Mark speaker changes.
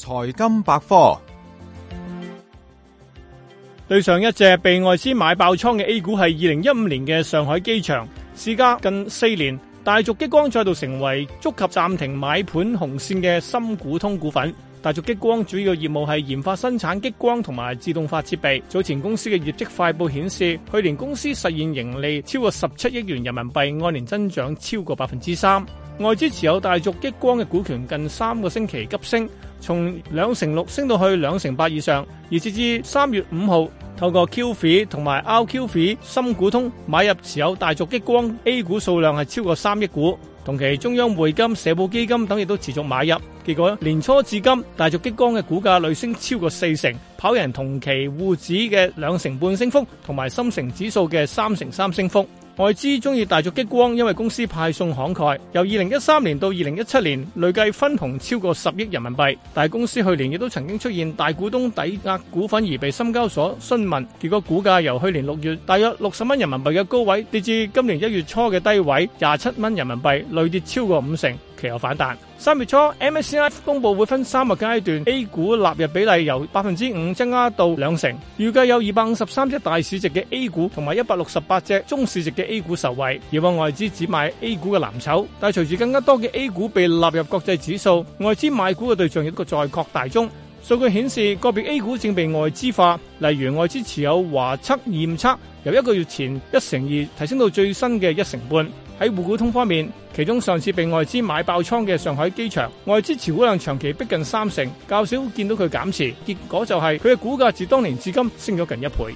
Speaker 1: 財金百科對上一隻被外資買爆倉嘅 A 股係二零一五年嘅上海機場，事隔近四年，大族激光再度成為觸及暫停買盤紅線嘅深股通股份。大族激光主要業務係研發、生產激光同埋自動化設備。早前公司嘅業績快報顯示，去年公司實現盈利超過十七億元人民幣，按年增長超過百分之三。外資持有大族激光嘅股權近三個星期急升。從兩成六升到去兩成八以上，而截至三月五號，透過 QFII 同埋 RQFII 深股通買入持有大族激光 A 股數量係超過三億股，同期中央匯金、社保基金等亦都持續買入，結果年初至今大族激光嘅股價累升超過四成，跑贏同期滬指嘅兩成半升幅，同埋深成指數嘅三成三升幅。外資中意大族激光，因為公司派送慷慨。由二零一三年到二零一七年，累計分紅超過十億人民幣。但係公司去年亦都曾經出現大股東抵押股份而被深交所詢問，結果股價由去年六月大約六十蚊人民幣嘅高位跌至今年一月初嘅低位廿七蚊人民幣，累跌超過五成。其有反彈。三月初 MSCI 公布會分三個階段，A 股納入比例由百分之五增加到兩成。預計有二百五十三隻大市值嘅 A 股同埋一百六十八隻中市值嘅 A 股受惠，以往外資只買 A 股嘅藍籌，但係隨住更加多嘅 A 股被納入國際指數，外資買股嘅對象亦都再擴大中。數據顯示，個別 A 股正被外資化，例如外資持有華測驗測由一個月前一成二提升到最新嘅一成半。喺滬股通方面，其中上次被外資買爆倉嘅上海機場，外資持股量長期逼近三成，較少見到佢減持，結果就係佢嘅股價自當年至今升咗近一倍。